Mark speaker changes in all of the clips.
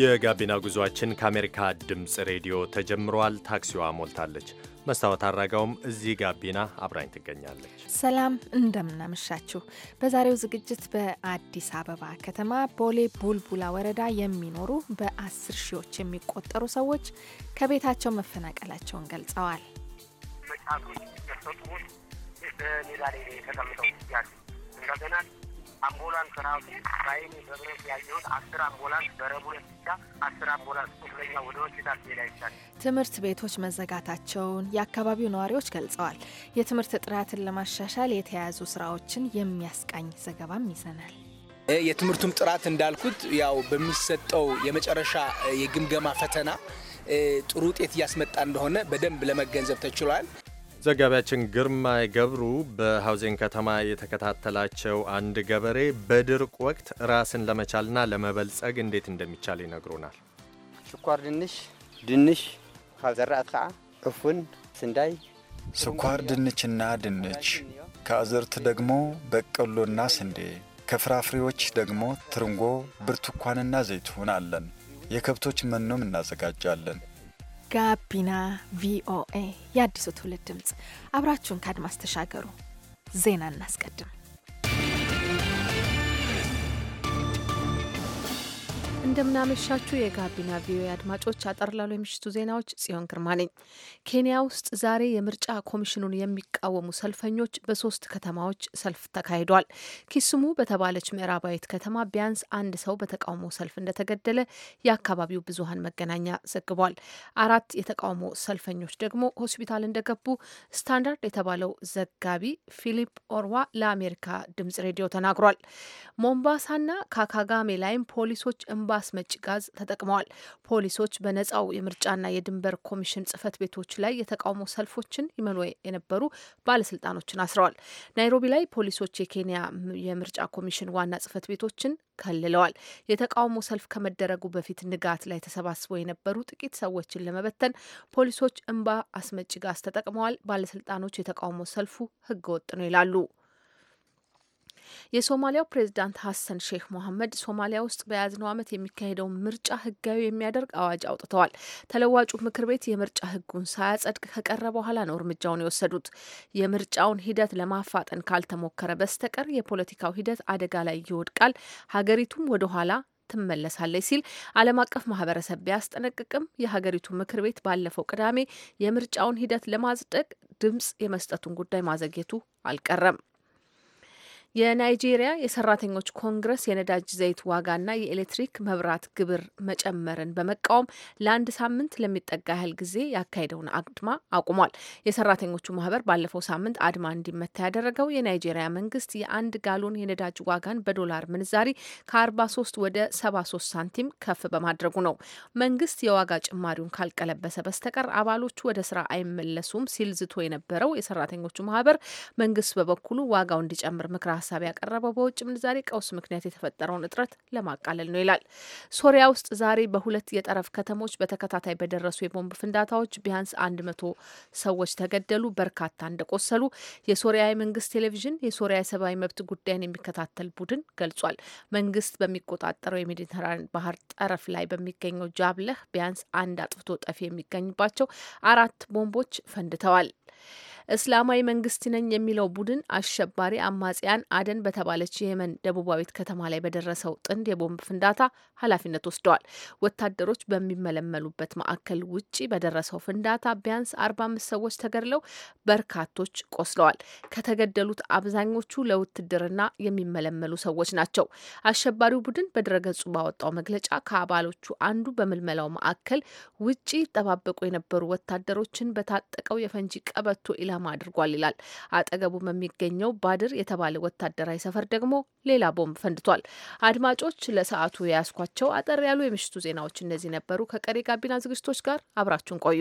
Speaker 1: የጋቢና ጉዟችን ከአሜሪካ ድምፅ ሬዲዮ ተጀምሯል። ታክሲዋ ሞልታለች። መስታወት አድራጋውም እዚህ ጋቢና አብራኝ ትገኛለች።
Speaker 2: ሰላም እንደምናመሻችሁ። በዛሬው ዝግጅት በአዲስ አበባ ከተማ ቦሌ ቡልቡላ ወረዳ የሚኖሩ በአስር ሺዎች የሚቆጠሩ ሰዎች ከቤታቸው መፈናቀላቸውን ገልጸዋል።
Speaker 3: በጫቶች ተሰጥቦት በሜዳ ላይ ተቀምጠው ያሉ እንደገና አምቡላንስ
Speaker 4: ራሱ በአይኔ በብረት ያየሁት አስር አምቡላንስ በረቡዕ ብቻ አስር አምቡላንስ ቁስለኛ
Speaker 1: ወደ ሆስፒታል ሄዳ ይቻል።
Speaker 2: ትምህርት ቤቶች መዘጋታቸውን የአካባቢው ነዋሪዎች ገልጸዋል። የትምህርት ጥራትን ለማሻሻል የተያያዙ ስራዎችን የሚያስቃኝ ዘገባም ይዘናል።
Speaker 3: የትምህርቱም ጥራት እንዳልኩት ያው በሚሰጠው የመጨረሻ የግምገማ ፈተና ጥሩ ውጤት እያስመጣ እንደሆነ በደንብ ለመገንዘብ ተችሏል።
Speaker 1: ዘጋቢያችን ግርማ ገብሩ በሀውዜን ከተማ የተከታተላቸው አንድ ገበሬ በድርቅ ወቅት ራስን ለመቻልና ለመበልጸግ እንዴት እንደሚቻል ይነግሩናል።
Speaker 5: ስኳር ድንሽ ድንሽ ካብ ዘራእት ከዓ ዕፉን ስንዳይ ስኳር ድንችና ድንች ከአዝርት ደግሞ በቆሎና ስንዴ ከፍራፍሬዎች ደግሞ ትርንጎ፣ ብርቱካንና ዘይትሁን አለን። የከብቶች መኖም እናዘጋጃለን።
Speaker 2: ጋቢና ቪኦኤ የአዲሱ ትውልድ ድምፅ፣ አብራችሁን ከአድማስ ተሻገሩ። ዜና እናስቀድም። እንደምናመሻችሁ የጋቢና ቪኦኤ አድማጮች፣
Speaker 6: አጠር ላሉ የምሽቱ ዜናዎች ጽዮን ግርማ ነኝ። ኬንያ ውስጥ ዛሬ የምርጫ ኮሚሽኑን የሚቃወሙ ሰልፈኞች በሶስት ከተማዎች ሰልፍ ተካሂዷል። ኪስሙ በተባለች ምዕራባዊት ከተማ ቢያንስ አንድ ሰው በተቃውሞ ሰልፍ እንደተገደለ የአካባቢው ብዙሀን መገናኛ ዘግቧል። አራት የተቃውሞ ሰልፈኞች ደግሞ ሆስፒታል እንደገቡ ስታንዳርድ የተባለው ዘጋቢ ፊሊፕ ኦርዋ ለአሜሪካ ድምጽ ሬዲዮ ተናግሯል። ሞምባሳና ካካጋሜ ላይም ፖሊሶች እንባ አስመጭ ጋዝ ተጠቅመዋል። ፖሊሶች በነጻው የምርጫና የድንበር ኮሚሽን ጽህፈት ቤቶች ላይ የተቃውሞ ሰልፎችን ይመሩ የነበሩ ባለስልጣኖችን አስረዋል። ናይሮቢ ላይ ፖሊሶች የኬንያ የምርጫ ኮሚሽን ዋና ጽህፈት ቤቶችን ከልለዋል። የተቃውሞ ሰልፍ ከመደረጉ በፊት ንጋት ላይ ተሰባስበው የነበሩ ጥቂት ሰዎችን ለመበተን ፖሊሶች እንባ አስመጭ ጋዝ ተጠቅመዋል። ባለስልጣኖች የተቃውሞ ሰልፉ ህገወጥ ነው ይላሉ። የሶማሊያው ፕሬዚዳንት ሀሰን ሼክ ሞሐመድ ሶማሊያ ውስጥ በያዝነው ዓመት የሚካሄደውን ምርጫ ህጋዊ የሚያደርግ አዋጅ አውጥተዋል። ተለዋጩ ምክር ቤት የምርጫ ህጉን ሳያጸድቅ ከቀረ በኋላ ነው እርምጃውን የወሰዱት። የምርጫውን ሂደት ለማፋጠን ካልተሞከረ በስተቀር የፖለቲካው ሂደት አደጋ ላይ ይወድቃል፣ ሀገሪቱም ወደኋላ ትመለሳለች ሲል ዓለም አቀፍ ማህበረሰብ ቢያስጠነቅቅም የሀገሪቱ ምክር ቤት ባለፈው ቅዳሜ የምርጫውን ሂደት ለማጽደቅ ድምፅ የመስጠቱን ጉዳይ ማዘግየቱ አልቀረም። የናይጄሪያ የሰራተኞች ኮንግረስ የነዳጅ ዘይት ዋጋና የኤሌክትሪክ መብራት ግብር መጨመርን በመቃወም ለአንድ ሳምንት ለሚጠጋ ያህል ጊዜ ያካሄደውን አድማ አቁሟል። የሰራተኞቹ ማህበር ባለፈው ሳምንት አድማ እንዲመታ ያደረገው የናይጄሪያ መንግስት የአንድ ጋሎን የነዳጅ ዋጋን በዶላር ምንዛሪ ከ43 ወደ 73 ሳንቲም ከፍ በማድረጉ ነው። መንግስት የዋጋ ጭማሪውን ካልቀለበሰ በስተቀር አባሎቹ ወደ ስራ አይመለሱም ሲል ዝቶ የነበረው የሰራተኞቹ ማህበር መንግስት በበኩሉ ዋጋው እንዲጨምር ምክራ ሀሳብ ያቀረበው በውጭ ምንዛሬ ቀውስ ምክንያት የተፈጠረውን እጥረት ለማቃለል ነው ይላል። ሶሪያ ውስጥ ዛሬ በሁለት የጠረፍ ከተሞች በተከታታይ በደረሱ የቦምብ ፍንዳታዎች ቢያንስ አንድ መቶ ሰዎች ተገደሉ፣ በርካታ እንደቆሰሉ የሶሪያ የመንግስት ቴሌቪዥን የሶሪያ የሰብአዊ መብት ጉዳይን የሚከታተል ቡድን ገልጿል። መንግስት በሚቆጣጠረው የሜዲተራን ባህር ጠረፍ ላይ በሚገኘው ጃብለህ ቢያንስ አንድ አጥፍቶ ጠፊ የሚገኝባቸው አራት ቦምቦች ፈንድተዋል። እስላማዊ መንግስት ነኝ የሚለው ቡድን አሸባሪ አማጽያን አደን በተባለች የየመን ደቡባዊት ከተማ ላይ በደረሰው ጥንድ የቦምብ ፍንዳታ ኃላፊነት ወስደዋል። ወታደሮች በሚመለመሉበት ማዕከል ውጪ በደረሰው ፍንዳታ ቢያንስ አርባ አምስት ሰዎች ተገድለው በርካቶች ቆስለዋል። ከተገደሉት አብዛኞቹ ለውትድርና የሚመለመሉ ሰዎች ናቸው። አሸባሪው ቡድን በድረገጹ ባወጣው መግለጫ ከአባሎቹ አንዱ በምልመላው ማዕከል ውጪ ይጠባበቁ የነበሩ ወታደሮችን በታጠቀው የፈንጂ ቀበቶ ኢላ ኢላማ አድርጓል ይላል። አጠገቡም የሚገኘው ባድር የተባለ ወታደራዊ ሰፈር ደግሞ ሌላ ቦምብ ፈንድቷል። አድማጮች ለሰዓቱ የያዝኳቸው አጠር ያሉ የምሽቱ ዜናዎች እነዚህ ነበሩ። ከቀሪ ጋቢና ዝግጅቶች ጋር አብራችሁን ቆዩ።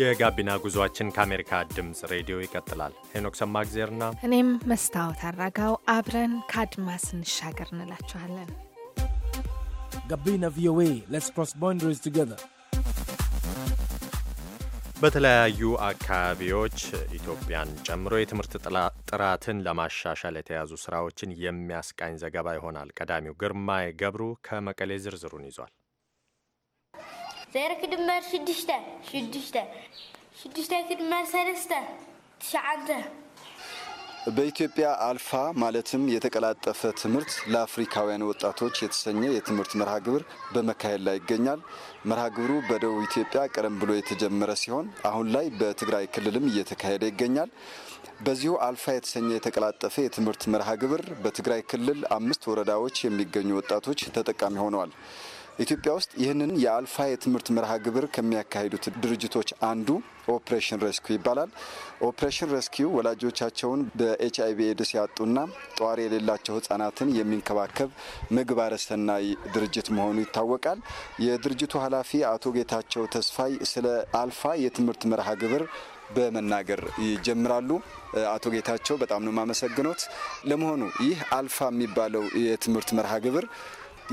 Speaker 1: የጋቢና ጉዟችን ከአሜሪካ ድምፅ ሬዲዮ ይቀጥላል። ሄኖክ ሰማግዜርና
Speaker 2: እኔም መስታወት አራጋው አብረን ከአድማስ እንሻገር እንላችኋለን።
Speaker 3: ጋቢና ቪኦኤ ሌትስ ክሮስ ቦንደሪስ ቱጌዘር።
Speaker 1: በተለያዩ አካባቢዎች ኢትዮጵያን ጨምሮ የትምህርት ጥራትን ለማሻሻል የተያዙ ስራዎችን የሚያስቃኝ ዘገባ ይሆናል። ቀዳሚው ግርማይ ገብሩ ከመቀሌ ዝርዝሩን ይዟል።
Speaker 3: ዘርክ ድመር ሽድሽተ ሽድሽተ ክድመር ሰለስተ
Speaker 7: ትሽዓንተ
Speaker 5: በኢትዮጵያ አልፋ ማለትም የተቀላጠፈ ትምህርት ለአፍሪካውያን ወጣቶች የተሰኘ የትምህርት መርሃ ግብር በመካሄድ ላይ ይገኛል። መርሃ ግብሩ በደቡብ ኢትዮጵያ ቀደም ብሎ የተጀመረ ሲሆን አሁን ላይ በትግራይ ክልልም እየተካሄደ ይገኛል። በዚሁ አልፋ የተሰኘ የተቀላጠፈ የትምህርት መርሃ ግብር በትግራይ ክልል አምስት ወረዳዎች የሚገኙ ወጣቶች ተጠቃሚ ሆነዋል። ኢትዮጵያ ውስጥ ይህንን የአልፋ የትምህርት መርሃ ግብር ከሚያካሂዱት ድርጅቶች አንዱ ኦፕሬሽን ሬስኪው ይባላል። ኦፕሬሽን ሬስኪው ወላጆቻቸውን በኤች አይ ኤድስ ያጡና ጧሪ የሌላቸው ህጻናትን የሚንከባከብ ምግባረ ሰናይ ድርጅት መሆኑ ይታወቃል። የድርጅቱ ኃላፊ አቶ ጌታቸው ተስፋይ ስለ አልፋ የትምህርት መርሃ ግብር በመናገር ይጀምራሉ። አቶ ጌታቸው በጣም ነው የማመሰግኖት። ለመሆኑ ይህ አልፋ የሚባለው የትምህርት መርሃ ግብር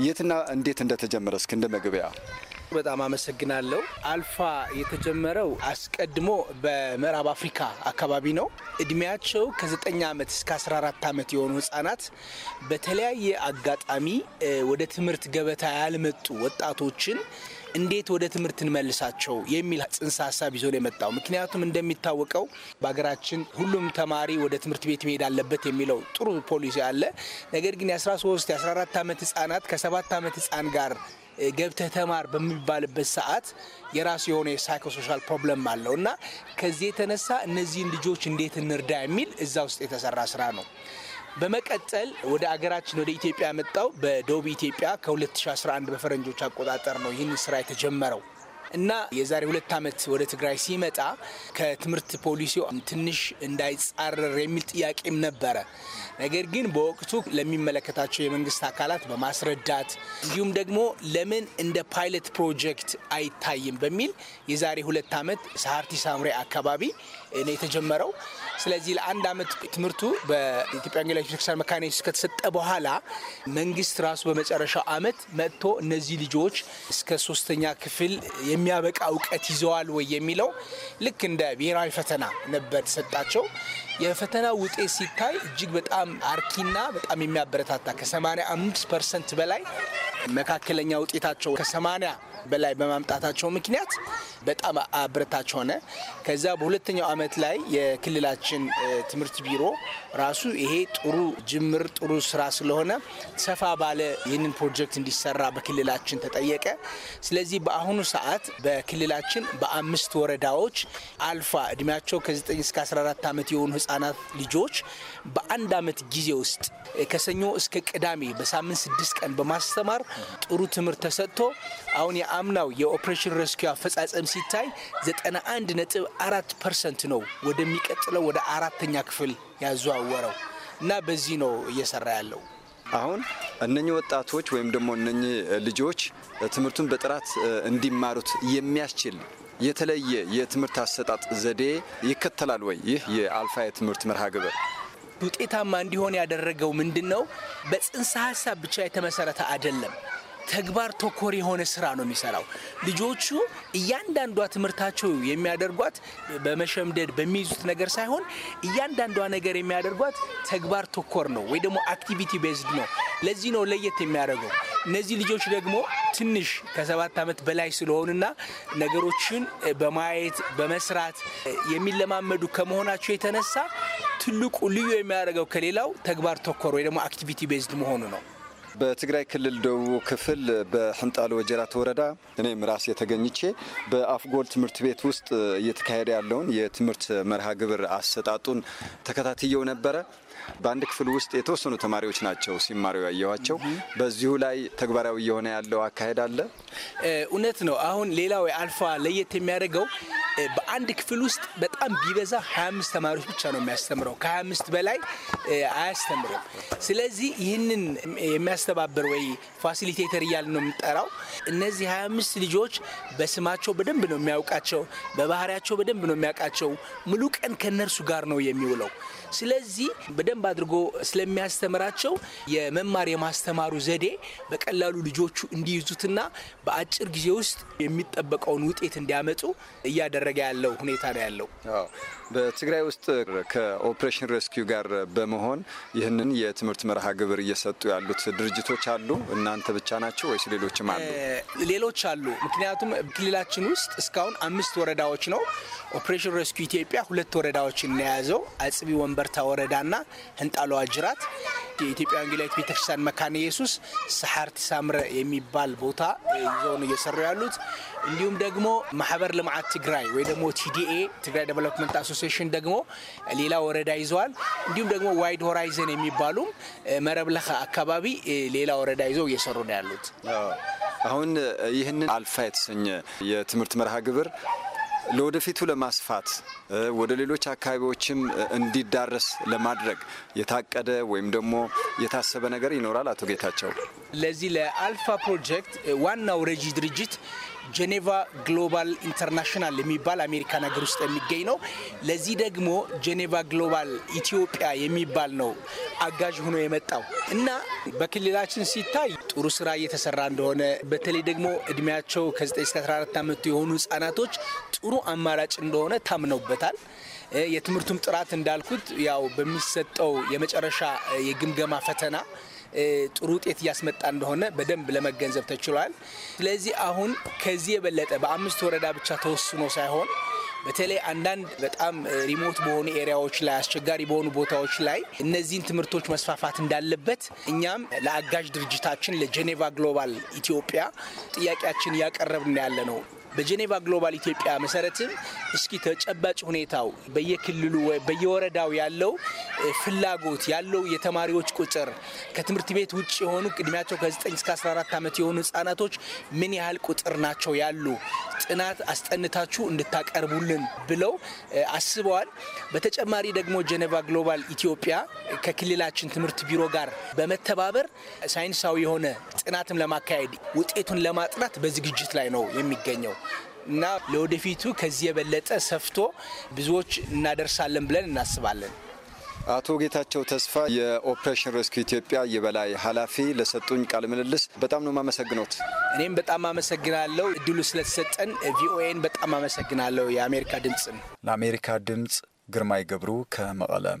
Speaker 5: የትና እንዴት እንደተጀመረ እስክ እንደ መግቢያ
Speaker 3: በጣም አመሰግናለሁ። አልፋ የተጀመረው አስቀድሞ በምዕራብ አፍሪካ አካባቢ ነው። እድሜያቸው ከ9 ዓመት እስከ 14 ዓመት የሆኑ ህጻናት በተለያየ አጋጣሚ ወደ ትምህርት ገበታ ያልመጡ ወጣቶችን እንዴት ወደ ትምህርት እንመልሳቸው የሚል ጽንሰ ሀሳብ ይዞ ነው የመጣው። ምክንያቱም እንደሚታወቀው በሀገራችን ሁሉም ተማሪ ወደ ትምህርት ቤት መሄድ አለበት የሚለው ጥሩ ፖሊሲ አለ። ነገር ግን የ13 የ14 ዓመት ህጻናት ከሰባት ዓመት ህጻን ጋር ገብተህ ተማር በሚባልበት ሰዓት የራሱ የሆነ የሳይኮሶሻል ፕሮብለም አለው እና ከዚህ የተነሳ እነዚህን ልጆች እንዴት እንርዳ የሚል እዛ ውስጥ የተሰራ ስራ ነው። በመቀጠል ወደ አገራችን ወደ ኢትዮጵያ የመጣው በደቡብ ኢትዮጵያ ከ2011 በፈረንጆች አቆጣጠር ነው ይህን ስራ የተጀመረው። እና የዛሬ ሁለት ዓመት ወደ ትግራይ ሲመጣ ከትምህርት ፖሊሲው ትንሽ እንዳይጻረር የሚል ጥያቄም ነበረ። ነገር ግን በወቅቱ ለሚመለከታቸው የመንግስት አካላት በማስረዳት እንዲሁም ደግሞ ለምን እንደ ፓይለት ፕሮጀክት አይታይም በሚል የዛሬ ሁለት ዓመት ሰሀርቲ ሳምሬ አካባቢ ነው የተጀመረው። ስለዚህ ለአንድ ዓመት ትምህርቱ በኢትዮጵያ ወንጌላዊት ቤተክርስቲያን መካነ ኢየሱስ ከተሰጠ በኋላ መንግስት ራሱ በመጨረሻው ዓመት መጥቶ እነዚህ ልጆች እስከ ሶስተኛ ክፍል የሚያበቃ እውቀት ይዘዋል ወይ የሚለው ልክ እንደ ብሔራዊ ፈተና ነበር የተሰጣቸው። የፈተና ውጤት ሲታይ እጅግ በጣም አርኪና በጣም የሚያበረታታ ከ85 ፐርሰንት በላይ መካከለኛ ውጤታቸው ከ80 በላይ በማምጣታቸው ምክንያት በጣም አበረታች ሆነ። ከዛ በሁለተኛው ዓመት ላይ የክልላችን ትምህርት ቢሮ ራሱ ይሄ ጥሩ ጅምር ጥሩ ስራ ስለሆነ ሰፋ ባለ ይህንን ፕሮጀክት እንዲሰራ በክልላችን ተጠየቀ። ስለዚህ በአሁኑ ሰዓት በክልላችን በአምስት ወረዳዎች አልፋ እድሜያቸው ከ9 እስከ 14 ዓመት የሆኑ ህጻናት ልጆች በአንድ ዓመት ጊዜ ውስጥ ከሰኞ እስከ ቅዳሜ በሳምንት ስድስት ቀን በማስተማር ጥሩ ትምህርት ተሰጥቶ አሁን የአምናው የኦፕሬሽን ረስኪ አፈጻጸም ሲታይ 91 ነጥብ አራት ፐርሰንት ነው ወደሚቀጥለው ወደ አራተኛ ክፍል ያዘዋወረው እና በዚህ ነው እየሰራ ያለው። አሁን
Speaker 5: እነኚህ ወጣቶች ወይም ደግሞ እነኚህ ልጆች ትምህርቱን በጥራት እንዲማሩት የሚያስችል የተለየ የትምህርት አሰጣጥ ዘዴ ይከተላል ወይ? ይህ የአልፋ የትምህርት መርሃ ግብር
Speaker 3: ውጤታማ እንዲሆን ያደረገው ምንድን ነው? በጽንሰ ሀሳብ ብቻ የተመሰረተ አይደለም። ተግባር ተኮር የሆነ ስራ ነው የሚሰራው። ልጆቹ እያንዳንዷ ትምህርታቸው የሚያደርጓት በመሸምደድ በሚይዙት ነገር ሳይሆን እያንዳንዷ ነገር የሚያደርጓት ተግባር ተኮር ነው ወይ ደግሞ አክቲቪቲ ቤዝድ ነው። ለዚህ ነው ለየት የሚያደርገው። እነዚህ ልጆች ደግሞ ትንሽ ከሰባት ዓመት በላይ ስለሆኑና ነገሮችን በማየት በመስራት የሚለማመዱ ከመሆናቸው የተነሳ ትልቁ ልዩ የሚያደርገው ከሌላው ተግባር ተኮር ወይ ደግሞ አክቲቪቲ ቤዝድ መሆኑ ነው።
Speaker 5: በትግራይ ክልል ደቡብ ክፍል በሕንጣሎ ወጀራት ወረዳ እኔም ራሴ ተገኝቼ በአፍጎል ትምህርት ቤት ውስጥ እየተካሄደ ያለውን የትምህርት መርሃ ግብር አሰጣጡን ተከታትየው ነበረ። በአንድ ክፍል ውስጥ የተወሰኑ ተማሪዎች ናቸው ሲማሩ ያየኋቸው።
Speaker 3: በዚሁ ላይ ተግባራዊ እየሆነ ያለው አካሄድ አለ። እውነት ነው። አሁን ሌላው አልፋ ለየት የሚያደርገው በአንድ ክፍል ውስጥ በጣም ቢበዛ 25 ተማሪዎች ብቻ ነው የሚያስተምረው። ከ25 በላይ አያስተምርም። ስለዚህ ይህንን የሚያስተባብር ወይ ፋሲሊቴተር እያል ነው የምጠራው። እነዚህ 25 ልጆች በስማቸው በደንብ ነው የሚያውቃቸው፣ በባህሪያቸው በደንብ ነው የሚያውቃቸው። ሙሉ ቀን ከእነርሱ ጋር ነው የሚውለው። ስለዚህ በደንብ አድርጎ ስለሚያስተምራቸው የመማር የማስተማሩ ዘዴ በቀላሉ ልጆቹ እንዲይዙትና በአጭር ጊዜ ውስጥ የሚጠበቀውን ውጤት እንዲያመጡ እያደረገ ያለው ሁኔታ ነው ያለው። በትግራይ ውስጥ
Speaker 5: ከኦፕሬሽን ሬስኪው ጋር በመሆን ይህንን የትምህርት መርሃ ግብር እየሰጡ ያሉት ድርጅቶች አሉ። እናንተ ብቻ ናቸው ወይስ ሌሎችም አሉ?
Speaker 3: ሌሎች አሉ። ምክንያቱም ክልላችን ውስጥ እስካሁን አምስት ወረዳዎች ነው ኦፕሬሽን ሬስኪው ኢትዮጵያ ሁለት ወረዳዎችን የያዘው አጽቢ ወንበ ሸንበርታ ወረዳና ህንጣሎ ጅራት የኢትዮጵያ ወንጌላዊት ቤተክርስቲያን መካነ ኢየሱስ ሰሓርቲ ሳምረ የሚባል ቦታ ይዘውን እየሰሩ ያሉት እንዲሁም ደግሞ ማህበር ልምዓት ትግራይ ወይ ደግሞ ቲዲኤ ትግራይ ዴቨሎፕመንት አሶሲሽን ደግሞ ሌላ ወረዳ ይዘዋል። እንዲሁም ደግሞ ዋይድ ሆራይዘን የሚባሉም መረብ ለኸ አካባቢ ሌላ ወረዳ ይዘው እየሰሩ ነው ያሉት።
Speaker 5: አሁን ይህንን አልፋ የተሰኘ የትምህርት መርሃ ግብር ለወደፊቱ ለማስፋት ወደ ሌሎች አካባቢዎችም እንዲዳረስ ለማድረግ የታቀደ ወይም ደግሞ የታሰበ ነገር ይኖራል? አቶ ጌታቸው
Speaker 3: ለዚህ ለአልፋ ፕሮጀክት ዋናው ረጂ ድርጅት ጄኔቫ ግሎባል ኢንተርናሽናል የሚባል አሜሪካን ሀገር ውስጥ የሚገኝ ነው። ለዚህ ደግሞ ጄኔቫ ግሎባል ኢትዮጵያ የሚባል ነው አጋዥ ሆኖ የመጣው እና በክልላችን ሲታይ ጥሩ ስራ እየተሰራ እንደሆነ በተለይ ደግሞ እድሜያቸው ከ9 እስከ 14 ዓመቱ የሆኑ ህጻናቶች ጥሩ አማራጭ እንደሆነ ታምነውበታል። የትምህርቱም ጥራት እንዳልኩት ያው በሚሰጠው የመጨረሻ የግምገማ ፈተና ጥሩ ውጤት እያስመጣ እንደሆነ በደንብ ለመገንዘብ ተችሏል። ስለዚህ አሁን ከዚህ የበለጠ በአምስት ወረዳ ብቻ ተወስኖ ሳይሆን በተለይ አንዳንድ በጣም ሪሞት በሆኑ ኤሪያዎች ላይ አስቸጋሪ በሆኑ ቦታዎች ላይ እነዚህን ትምህርቶች መስፋፋት እንዳለበት እኛም ለአጋዥ ድርጅታችን ለጄኔቫ ግሎባል ኢትዮጵያ ጥያቄያችን እያቀረብን ያለ ነው። በጄኔቫ ግሎባል ኢትዮጵያ መሰረትም እስኪ ተጨባጭ ሁኔታው በየክልሉ ወይ በየወረዳው ያለው ፍላጎት ያለው የተማሪዎች ቁጥር ከትምህርት ቤት ውጭ የሆኑ ቅድሚያቸው ከ9 እስከ 14 ዓመት የሆኑ ህጻናቶች ምን ያህል ቁጥር ናቸው ያሉ ጥናት አስጠንታችሁ እንድታቀርቡልን ብለው አስበዋል። በተጨማሪ ደግሞ ጄኔቫ ግሎባል ኢትዮጵያ ከክልላችን ትምህርት ቢሮ ጋር በመተባበር ሳይንሳዊ የሆነ ጥናትም ለማካሄድ ውጤቱን ለማጥናት በዝግጅት ላይ ነው የሚገኘው። እና ለወደፊቱ ከዚህ የበለጠ ሰፍቶ ብዙዎች እናደርሳለን ብለን እናስባለን።
Speaker 5: አቶ ጌታቸው ተስፋ የኦፕሬሽን ሬስኪው ኢትዮጵያ የበላይ ኃላፊ
Speaker 3: ለሰጡኝ ቃለ ምልልስ በጣም ነው የማመሰግኖት። እኔም በጣም አመሰግናለሁ እድሉ ስለተሰጠን። ቪኦኤን በጣም አመሰግናለሁ። የአሜሪካ ድምፅ ለአሜሪካ
Speaker 5: ድምፅ ግርማይ ገብሩ
Speaker 1: ከመቀለም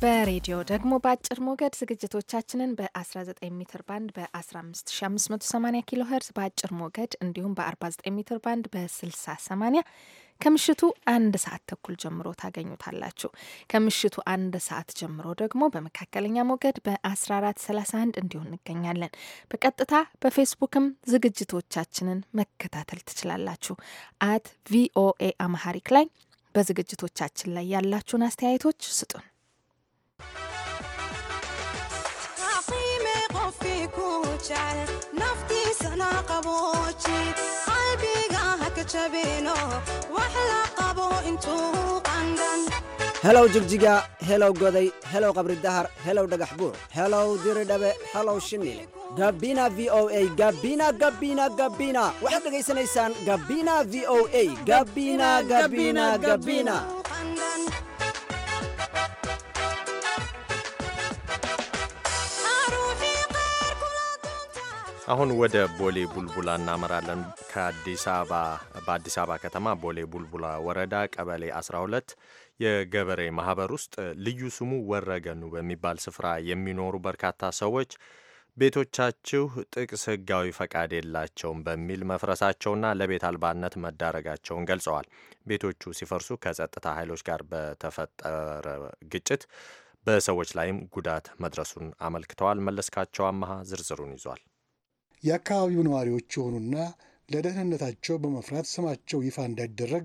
Speaker 2: በሬዲዮ ደግሞ በአጭር ሞገድ ዝግጅቶቻችንን በ19 ሜትር ባንድ በ15580 ኪሎ ሄርዝ በአጭር ሞገድ እንዲሁም በ49 ሜትር ባንድ በ6080 ከምሽቱ አንድ ሰዓት ተኩል ጀምሮ ታገኙታላችሁ። ከምሽቱ አንድ ሰዓት ጀምሮ ደግሞ በመካከለኛ ሞገድ በ1431 እንዲሁን እንገኛለን። በቀጥታ በፌስቡክም ዝግጅቶቻችንን መከታተል ትችላላችሁ። አት ቪኦኤ አማሃሪክ ላይ በዝግጅቶቻችን ላይ ያላችሁን አስተያየቶች ስጡን።
Speaker 3: helow jigjiga helow goday helow qabri dahar helow dhagax buur helow diridhabe helow shimile gabina v o a gabina gabina gabina waxaad dhegaysanaysaan gabina v o a gabina gabina gabina
Speaker 1: አሁን ወደ ቦሌ ቡልቡላ እናመራለን። ከአዲስ አበባ በአዲስ አበባ ከተማ ቦሌ ቡልቡላ ወረዳ ቀበሌ 12 የገበሬ ማህበር ውስጥ ልዩ ስሙ ወረገኑ በሚባል ስፍራ የሚኖሩ በርካታ ሰዎች ቤቶቻችሁ ጥቅስ ህጋዊ ፈቃድ የላቸውም በሚል መፍረሳቸውና ለቤት አልባነት መዳረጋቸውን ገልጸዋል። ቤቶቹ ሲፈርሱ ከጸጥታ ኃይሎች ጋር በተፈጠረ ግጭት በሰዎች ላይም ጉዳት መድረሱን አመልክተዋል። መለስካቸው አመሃ ዝርዝሩን ይዟል።
Speaker 4: የአካባቢው ነዋሪዎች የሆኑና ለደህንነታቸው በመፍራት ስማቸው ይፋ እንዳይደረግ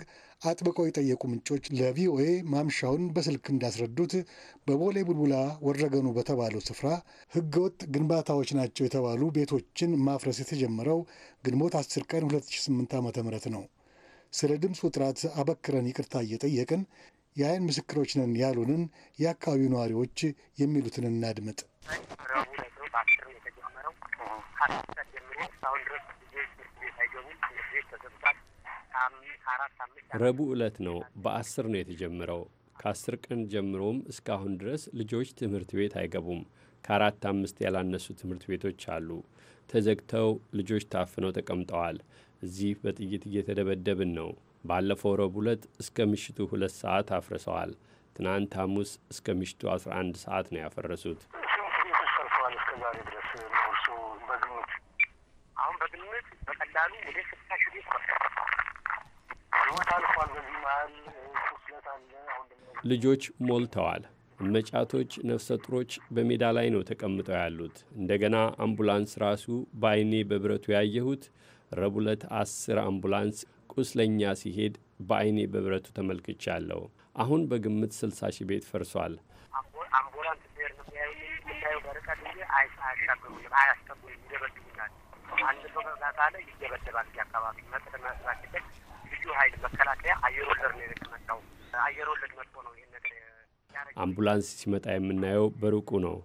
Speaker 4: አጥብቀው የጠየቁ ምንጮች ለቪኦኤ ማምሻውን በስልክ እንዳስረዱት በቦሌ ቡልቡላ ወረገኑ በተባለው ስፍራ ህገወጥ ግንባታዎች ናቸው የተባሉ ቤቶችን ማፍረስ የተጀመረው ግንቦት 10 ቀን 2008 ዓ ም ነው። ስለ ድምፁ ጥራት አበክረን ይቅርታ እየጠየቅን የአይን ምስክሮች ነን ያሉንን የአካባቢው ነዋሪዎች የሚሉትን እናድምጥ።
Speaker 1: ከአራት ጀምሮ እስካሁን ድረስ ትምህርት ቤት አይገቡም። ትምህርት ቤት ተዘግቷል።
Speaker 8: ረቡዕ ዕለት ነው በአስር ነው የተጀመረው። ከአስር ቀን ጀምሮም እስካሁን ድረስ ልጆች ትምህርት ቤት አይገቡም። ከአራት አምስት ያላነሱ ትምህርት ቤቶች አሉ ተዘግተው ልጆች ታፍነው ተቀምጠዋል። እዚህ በጥይት እየተደበደብን ነው። ባለፈው ረቡዕ ዕለት እስከ ምሽቱ ሁለት ሰዓት አፍርሰዋል። ትናንት ሐሙስ እስከ ምሽቱ 11 ሰዓት ነው ያፈረሱት።
Speaker 4: እያሉ ወደ ስልሳ ሺህ ቤት ህይወት አልፏል። በዚህ መሀል ቁስለት አለ። አሁን
Speaker 8: ልጆች ሞልተዋል። መጫቶች፣ ነፍሰ ጡሮች በሜዳ ላይ ነው ተቀምጠው ያሉት። እንደገና አምቡላንስ ራሱ በአይኔ በብረቱ ያየሁት ረቡዕ ዕለት አስር አምቡላንስ ቁስለኛ ሲሄድ በአይኔ በብረቱ ተመልክቻለሁ። አሁን በግምት ስልሳ ሺህ ቤት ፈርሷል።
Speaker 3: አምቡላንስ ሄር ነው በርቀት
Speaker 1: አንድ ሰው አለ ይደበደባል። እዚህ አካባቢ መጥር ልዩ ኃይል መከላከያ አየር ወለድ ነው የመጣው። አየር ወለድ መጥቶ ነው ይህን ነገር
Speaker 8: አምቡላንስ ሲመጣ የምናየው በሩቁ ነው።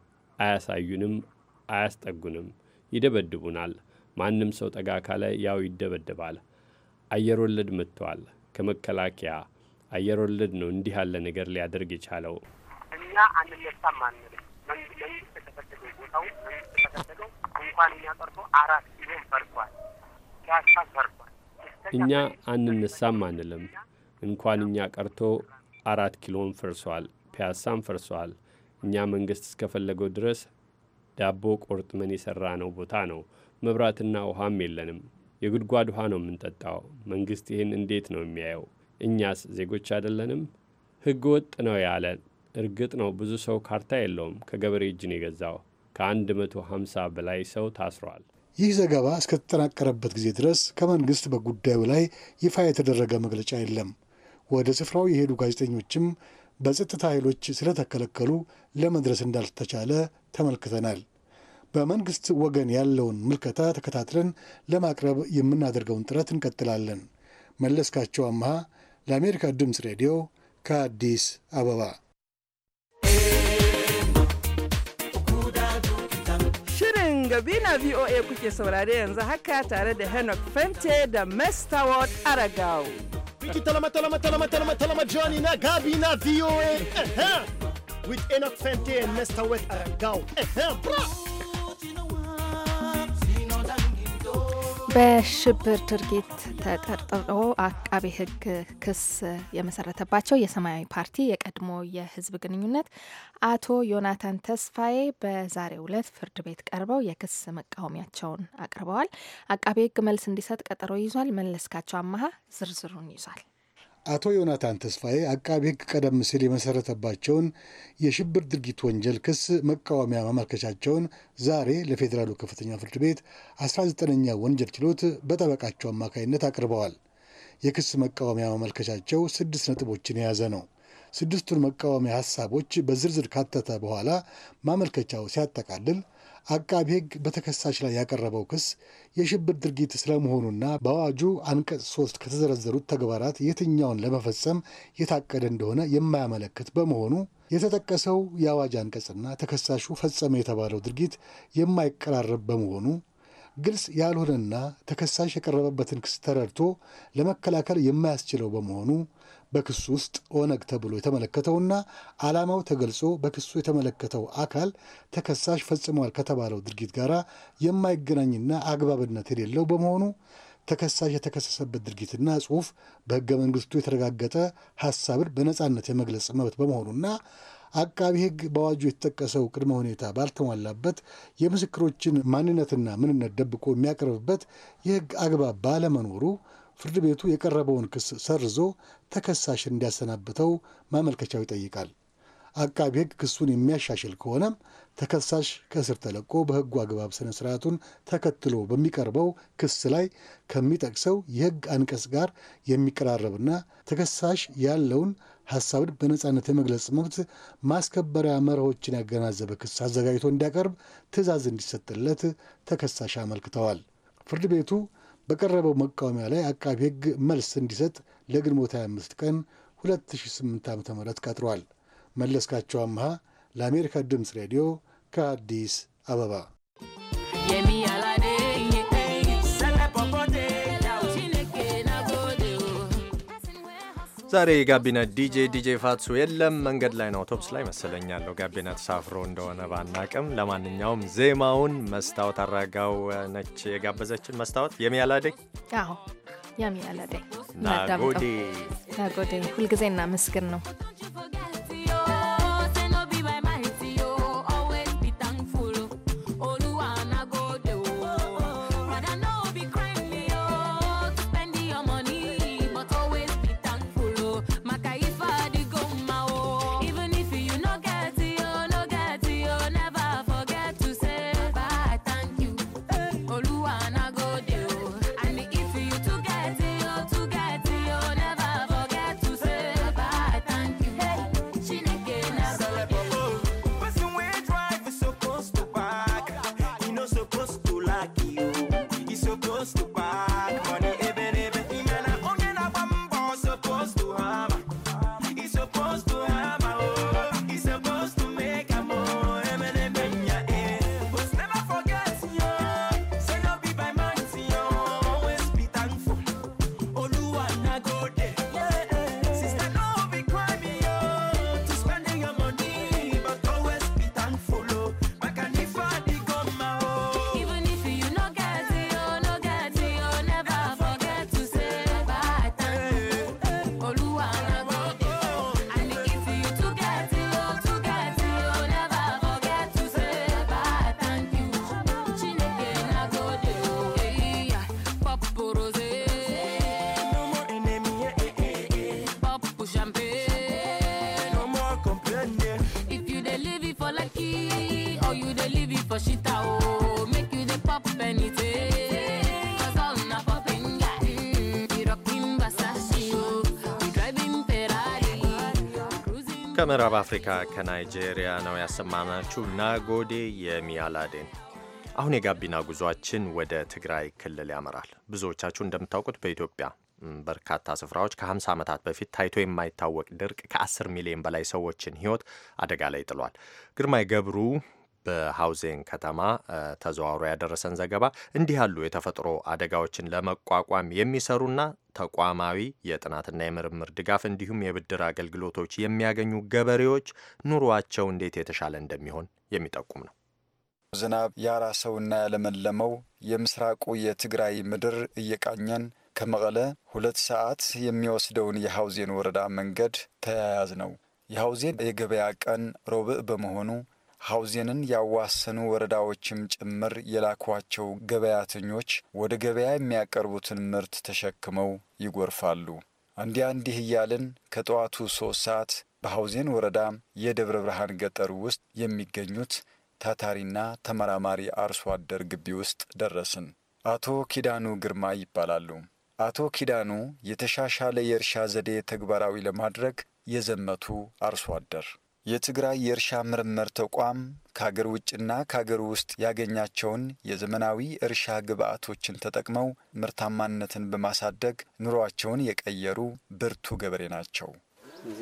Speaker 8: አያሳዩንም፣ አያስጠጉንም፣ ይደበድቡናል። ማንም ሰው ጠጋ ካለ ያው ይደበደባል። አየር ወለድ መጥቷል ከመከላከያ አየር ወለድ ነው እንዲህ ያለ ነገር ሊያደርግ የቻለው።
Speaker 1: እኛ አንነሳም አንልም መንግስት ቦታው እንኳን እኛ ቀርቶ አራት ፒያሳ እኛ
Speaker 8: አንነሳም አንልም። እንኳን እኛ ቀርቶ አራት ኪሎን ፈርሷል፣ ፒያሳም ፈርሷል። እኛ መንግስት እስከፈለገው ድረስ ዳቦ ቆርጥመን የሠራ ነው ቦታ ነው። መብራትና ውሃም የለንም። የጉድጓድ ውሃ ነው የምንጠጣው። መንግስት ይህን እንዴት ነው የሚያየው? እኛስ ዜጎች አይደለንም? ሕገ ወጥ ነው ያለ እርግጥ ነው ብዙ ሰው ካርታ የለውም። ከገበሬ እጅን ነው የገዛው። ከ150 በላይ ሰው ታስሯል።
Speaker 4: ይህ ዘገባ እስከተጠናቀረበት ጊዜ ድረስ ከመንግስት በጉዳዩ ላይ ይፋ የተደረገ መግለጫ የለም። ወደ ስፍራው የሄዱ ጋዜጠኞችም በጸጥታ ኃይሎች ስለተከለከሉ ለመድረስ እንዳልተቻለ ተመልክተናል። በመንግስት ወገን ያለውን ምልከታ ተከታትለን ለማቅረብ የምናደርገውን ጥረት እንቀጥላለን። መለስካቸው አምሃ ለአሜሪካ ድምፅ ሬዲዮ ከአዲስ አበባ Gabina VOA kuke saurare yanzu haka tare da henok Fente da Mestaward Aragao. Wiki talama talama talama talama talama Johnny na Gabina VOA. With henok Fente and Mestaward Aragao. Bra!
Speaker 2: በሽብር ድርጊት ተጠርጥሮ አቃቤ ሕግ ክስ የመሰረተባቸው የሰማያዊ ፓርቲ የቀድሞ የህዝብ ግንኙነት አቶ ዮናታን ተስፋዬ በዛሬው ዕለት ፍርድ ቤት ቀርበው የክስ መቃወሚያቸውን አቅርበዋል። አቃቤ ሕግ መልስ እንዲሰጥ ቀጠሮ ይዟል። መለስካቸው አማሃ ዝርዝሩን ይዟል።
Speaker 4: አቶ ዮናታን ተስፋዬ አቃቢ ሕግ ቀደም ሲል የመሰረተባቸውን የሽብር ድርጊት ወንጀል ክስ መቃወሚያ ማመልከቻቸውን ዛሬ ለፌዴራሉ ከፍተኛ ፍርድ ቤት 19ኛ ወንጀል ችሎት በጠበቃቸው አማካይነት አቅርበዋል። የክስ መቃወሚያ ማመልከቻቸው ስድስት ነጥቦችን የያዘ ነው። ስድስቱን መቃወሚያ ሀሳቦች በዝርዝር ካተተ በኋላ ማመልከቻው ሲያጠቃልል አቃቢ ሕግ በተከሳሽ ላይ ያቀረበው ክስ የሽብር ድርጊት ስለመሆኑና በአዋጁ አንቀጽ ሶስት ከተዘረዘሩት ተግባራት የትኛውን ለመፈጸም የታቀደ እንደሆነ የማያመለክት በመሆኑ የተጠቀሰው የአዋጅ አንቀጽና ተከሳሹ ፈጸመ የተባለው ድርጊት የማይቀራረብ በመሆኑ ግልጽ ያልሆነና ተከሳሽ የቀረበበትን ክስ ተረድቶ ለመከላከል የማያስችለው በመሆኑ በክሱ ውስጥ ኦነግ ተብሎ የተመለከተውና ዓላማው ተገልጾ በክሱ የተመለከተው አካል ተከሳሽ ፈጽሟል ከተባለው ድርጊት ጋር የማይገናኝና አግባብነት የሌለው በመሆኑ ተከሳሽ የተከሰሰበት ድርጊትና ጽሑፍ በሕገ መንግሥቱ የተረጋገጠ ሐሳብን በነፃነት የመግለጽ መብት በመሆኑና አቃቢ ሕግ በአዋጁ የተጠቀሰው ቅድመ ሁኔታ ባልተሟላበት የምስክሮችን ማንነትና ምንነት ደብቆ የሚያቀርብበት የሕግ አግባብ ባለመኖሩ ፍርድ ቤቱ የቀረበውን ክስ ሰርዞ ተከሳሽን እንዲያሰናብተው ማመልከቻው ይጠይቃል። አቃቢ ሕግ ክሱን የሚያሻሽል ከሆነም ተከሳሽ ከእስር ተለቆ በሕጉ አግባብ ስነ ስርዓቱን ተከትሎ በሚቀርበው ክስ ላይ ከሚጠቅሰው የሕግ አንቀጽ ጋር የሚቀራረብና ተከሳሽ ያለውን ሐሳብን በነጻነት የመግለጽ መብት ማስከበሪያ መርሆችን ያገናዘበ ክስ አዘጋጅቶ እንዲያቀርብ ትዕዛዝ እንዲሰጥለት ተከሳሽ አመልክተዋል። ፍርድ ቤቱ በቀረበው መቃወሚያ ላይ አቃቢ ሕግ መልስ እንዲሰጥ ለግንቦት 25 ቀን 2008 ዓ ም ቀጥሯል። መለስካቸው አምሃ ለአሜሪካ ድምፅ ሬዲዮ ከአዲስ አበባ
Speaker 1: ዛሬ የጋቢና ዲጄ ዲጄ ፋትሱ የለም። መንገድ ላይ ነው፣ አውቶቡስ ላይ መሰለኝ ያለው ጋቢና ተሳፍሮ እንደሆነ ባናቅም፣ ለማንኛውም ዜማውን መስታወት አራጋው ነች የጋበዘችን። መስታወት የሚያላደኝ
Speaker 2: አዎ፣ የሚያላደኝ ናጎዴ ናጎዴ፣ ሁልጊዜ እናመስግን ነው።
Speaker 1: ከምዕራብ አፍሪካ ከናይጄሪያ ነው ያሰማናችሁ ናጎዴ የሚያላዴን። አሁን የጋቢና ጉዟችን ወደ ትግራይ ክልል ያመራል። ብዙዎቻችሁ እንደምታውቁት በኢትዮጵያ በርካታ ስፍራዎች ከ50 ዓመታት በፊት ታይቶ የማይታወቅ ድርቅ ከ10 ሚሊዮን በላይ ሰዎችን ሕይወት አደጋ ላይ ጥሏል። ግርማይ ገብሩ በሀውዜን ከተማ ተዘዋውሮ ያደረሰን ዘገባ እንዲህ ያሉ የተፈጥሮ አደጋዎችን ለመቋቋም የሚሰሩና ተቋማዊ የጥናትና የምርምር ድጋፍ እንዲሁም የብድር አገልግሎቶች የሚያገኙ ገበሬዎች ኑሯቸው እንዴት የተሻለ እንደሚሆን የሚጠቁም ነው።
Speaker 5: ዝናብ ያራሰውና ያለመለመው የምስራቁ የትግራይ ምድር እየቃኘን ከመቀለ ሁለት ሰዓት የሚወስደውን የሀውዜን ወረዳ መንገድ ተያያዝ ነው። የሀውዜን የገበያ ቀን ሮብዕ በመሆኑ ሐውዜንን ያዋሰኑ ወረዳዎችም ጭምር የላኳቸው ገበያተኞች ወደ ገበያ የሚያቀርቡትን ምርት ተሸክመው ይጎርፋሉ። እንዲያ እንዲህ እያልን ከጠዋቱ ሶስት ሰዓት በሐውዜን ወረዳ የደብረ ብርሃን ገጠር ውስጥ የሚገኙት ታታሪና ተመራማሪ አርሶ አደር ግቢ ውስጥ ደረስን። አቶ ኪዳኑ ግርማ ይባላሉ። አቶ ኪዳኑ የተሻሻለ የእርሻ ዘዴ ተግባራዊ ለማድረግ የዘመቱ አርሶ አደር የትግራይ የእርሻ ምርምር ተቋም ከሀገር ውጭና ከሀገር ውስጥ ያገኛቸውን የዘመናዊ እርሻ ግብዓቶችን ተጠቅመው ምርታማነትን በማሳደግ ኑሯቸውን የቀየሩ ብርቱ ገበሬ ናቸው። እዚ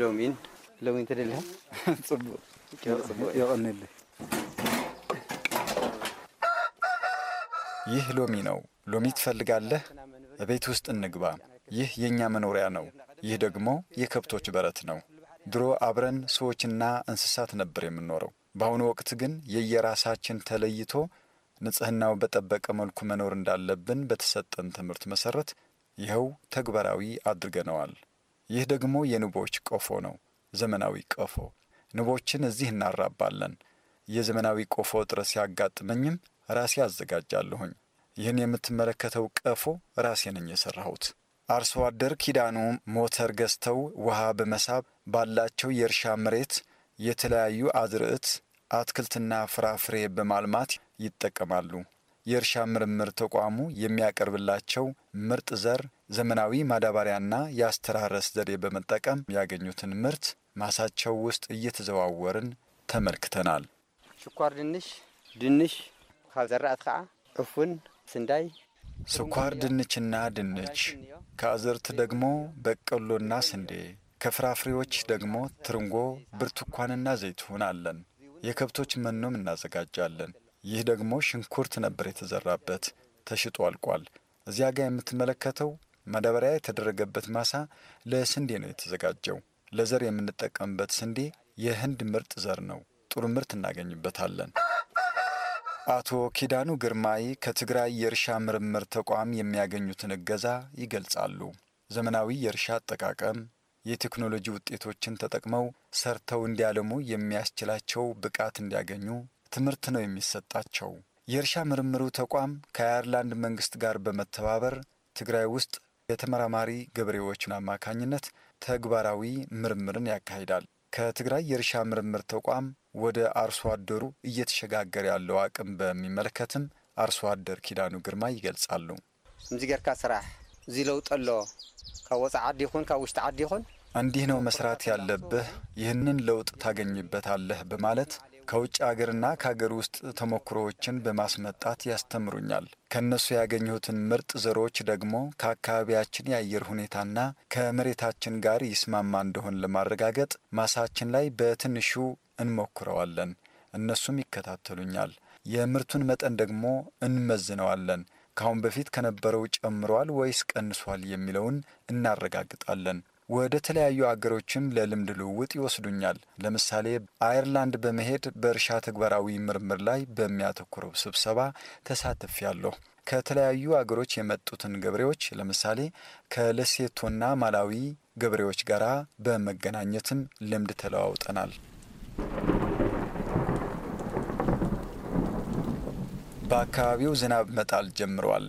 Speaker 5: ሎሚን ሎሚን ይህ ሎሚ ነው። ሎሚ ትፈልጋለህ? በቤት ውስጥ እንግባ። ይህ የእኛ መኖሪያ ነው። ይህ ደግሞ የከብቶች በረት ነው። ድሮ አብረን ሰዎችና እንስሳት ነበር የምንኖረው። በአሁኑ ወቅት ግን የየራሳችን ተለይቶ ንጽህናው በጠበቀ መልኩ መኖር እንዳለብን በተሰጠን ትምህርት መሰረት ይኸው ተግባራዊ አድርገነዋል። ይህ ደግሞ የንቦች ቀፎ ነው፣ ዘመናዊ ቀፎ። ንቦችን እዚህ እናራባለን። የዘመናዊ ቀፎ እጥረት ሲያጋጥመኝም ራሴ አዘጋጃለሁኝ። ይህን የምትመለከተው ቀፎ ራሴ ነኝ የሠራሁት። አርሶ አደር ኪዳኑ ሞተር ገዝተው ውሃ በመሳብ ባላቸው የእርሻ መሬት የተለያዩ አዝርዕት፣ አትክልትና ፍራፍሬ በማልማት ይጠቀማሉ። የእርሻ ምርምር ተቋሙ የሚያቀርብላቸው ምርጥ ዘር፣ ዘመናዊ ማዳበሪያና የአስተራረስ ዘዴ በመጠቀም ያገኙትን ምርት ማሳቸው ውስጥ እየተዘዋወርን ተመልክተናል። ሽኳር ድንሽ፣ ድንሽ ካብ ዘራእት ከዓ ዕፉን፣ ስንዳይ ስኳር ድንችና ድንች፣ ከአዝርት ደግሞ በቆሎና ስንዴ፣ ከፍራፍሬዎች ደግሞ ትርንጎ፣ ብርቱካንና ዘይቱን አለን። የከብቶች መኖም እናዘጋጃለን። ይህ ደግሞ ሽንኩርት ነበር የተዘራበት፣ ተሽጦ አልቋል። እዚያ ጋር የምትመለከተው ማዳበሪያ የተደረገበት ማሳ ለስንዴ ነው የተዘጋጀው። ለዘር የምንጠቀምበት ስንዴ የህንድ ምርጥ ዘር ነው። ጥሩ ምርት እናገኝበታለን። አቶ ኪዳኑ ግርማይ ከትግራይ የእርሻ ምርምር ተቋም የሚያገኙትን እገዛ ይገልጻሉ። ዘመናዊ የእርሻ አጠቃቀም፣ የቴክኖሎጂ ውጤቶችን ተጠቅመው ሰርተው እንዲያለሙ የሚያስችላቸው ብቃት እንዲያገኙ ትምህርት ነው የሚሰጣቸው። የእርሻ ምርምሩ ተቋም ከአየርላንድ መንግስት ጋር በመተባበር ትግራይ ውስጥ የተመራማሪ ገበሬዎችን አማካኝነት ተግባራዊ ምርምርን ያካሂዳል። ከትግራይ የእርሻ ምርምር ተቋም ወደ አርሶ አደሩ እየተሸጋገረ ያለው አቅም በሚመለከትም አርሶ አደር ኪዳኑ ግርማ ይገልጻሉ።
Speaker 1: ምዚ ጌርካ ስራሕ እዚ ለውጥ ኣሎ ካብ ወፃ ዓዲ ይኹን ካብ ውሽጢ ዓዲ ይኹን
Speaker 5: እንዲህ ነው መስራት ያለብህ፣ ይህንን ለውጥ ታገኝበታለህ በማለት ከውጭ አገርና ከአገር ውስጥ ተሞክሮዎችን በማስመጣት ያስተምሩኛል። ከእነሱ ያገኘሁትን ምርጥ ዘሮች ደግሞ ከአካባቢያችን የአየር ሁኔታና ከመሬታችን ጋር ይስማማ እንደሆን ለማረጋገጥ ማሳችን ላይ በትንሹ እንሞክረዋለን፣ እነሱም ይከታተሉኛል። የምርቱን መጠን ደግሞ እንመዝነዋለን። ከአሁን በፊት ከነበረው ጨምሯል ወይስ ቀንሷል የሚለውን እናረጋግጣለን። ወደ ተለያዩ አገሮችም ለልምድ ልውውጥ ይወስዱኛል። ለምሳሌ አየርላንድ በመሄድ በእርሻ ተግባራዊ ምርምር ላይ በሚያተኩረው ስብሰባ ተሳትፌያለሁ። ከተለያዩ አገሮች የመጡትን ገበሬዎች ለምሳሌ ከለሴቶና ማላዊ ገበሬዎች ጋር በመገናኘትም ልምድ ተለዋውጠናል። በአካባቢው ዝናብ መጣል ጀምሯል።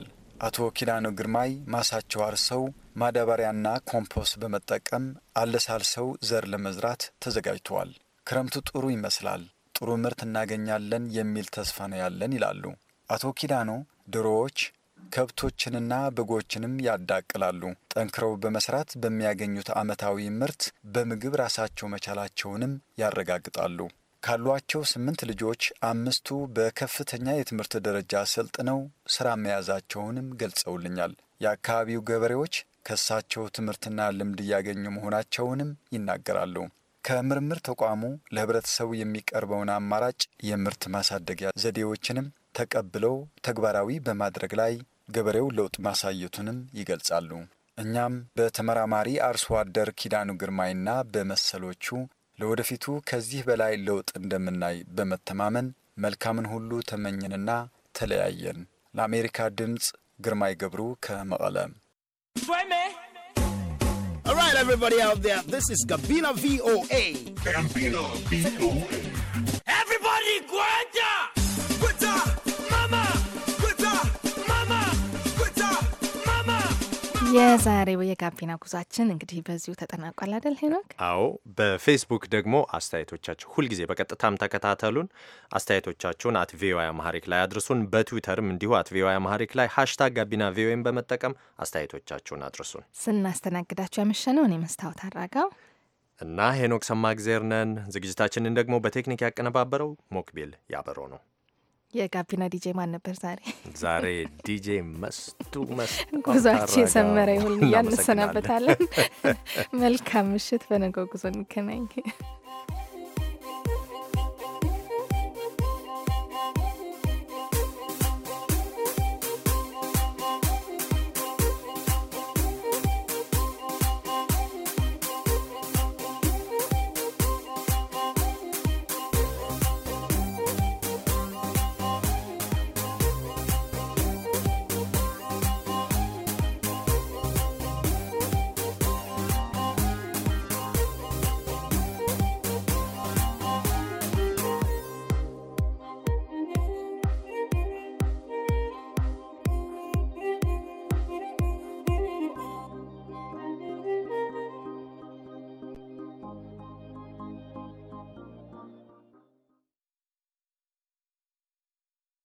Speaker 5: አቶ ኪዳኑ ግርማይ ማሳቸው አርሰው ማዳበሪያና ኮምፖስት በመጠቀም አለሳልሰው ዘር ለመዝራት ተዘጋጅተዋል። ክረምቱ ጥሩ ይመስላል፣ ጥሩ ምርት እናገኛለን የሚል ተስፋ ነው ያለን ይላሉ አቶ ኪዳኑ። ድሮዎች ከብቶችንና በጎችንም ያዳቅላሉ። ጠንክረው በመስራት በሚያገኙት ዓመታዊ ምርት በምግብ ራሳቸው መቻላቸውንም ያረጋግጣሉ። ካሏቸው ስምንት ልጆች አምስቱ በከፍተኛ የትምህርት ደረጃ ሰልጥነው ሥራ መያዛቸውንም ገልጸውልኛል። የአካባቢው ገበሬዎች ከእሳቸው ትምህርትና ልምድ እያገኙ መሆናቸውንም ይናገራሉ። ከምርምር ተቋሙ ለህብረተሰቡ የሚቀርበውን አማራጭ የምርት ማሳደጊያ ዘዴዎችንም ተቀብለው ተግባራዊ በማድረግ ላይ ገበሬው ለውጥ ማሳየቱንም ይገልጻሉ። እኛም በተመራማሪ አርሶ አደር ኪዳኑ ግርማይና በመሰሎቹ ለወደፊቱ ከዚህ በላይ ለውጥ እንደምናይ በመተማመን መልካምን ሁሉ ተመኘንና ተለያየን። ለአሜሪካ ድምፅ ግርማይ ገብሩ ከመቐለ።
Speaker 7: All right, everybody out there, this is Gabina VOA. Gabina VOA.
Speaker 2: የዛሬው የጋቢና ጉዟችን እንግዲህ በዚሁ ተጠናቋል አደል ሄኖክ?
Speaker 1: አዎ። በፌስቡክ ደግሞ አስተያየቶቻችሁ ሁልጊዜ በቀጥታም ተከታተሉን። አስተያየቶቻችሁን አት ቪኦኤ አማሪክ ላይ አድርሱን። በትዊተርም እንዲሁ አት ቪኦኤ አማሪክ ላይ ሀሽታግ ጋቢና ቪኦኤን በመጠቀም አስተያየቶቻችሁን አድርሱን።
Speaker 2: ስናስተናግዳችሁ ያመሸነው እኔ መስታወት አራጋው
Speaker 1: እና ሄኖክ ሰማግዜር ነን። ዝግጅታችንን ደግሞ በቴክኒክ ያቀነባበረው ሞክቢል ያበረው ነው።
Speaker 2: የጋቢና ዲጄ ማን ነበር ዛሬ?
Speaker 1: ዛሬ ዲጄ መስቱ መስ ጉዟችን የሰመረ ይሁን እያል
Speaker 2: መልካም ምሽት። በነገው ጉዞ እንገናኝ።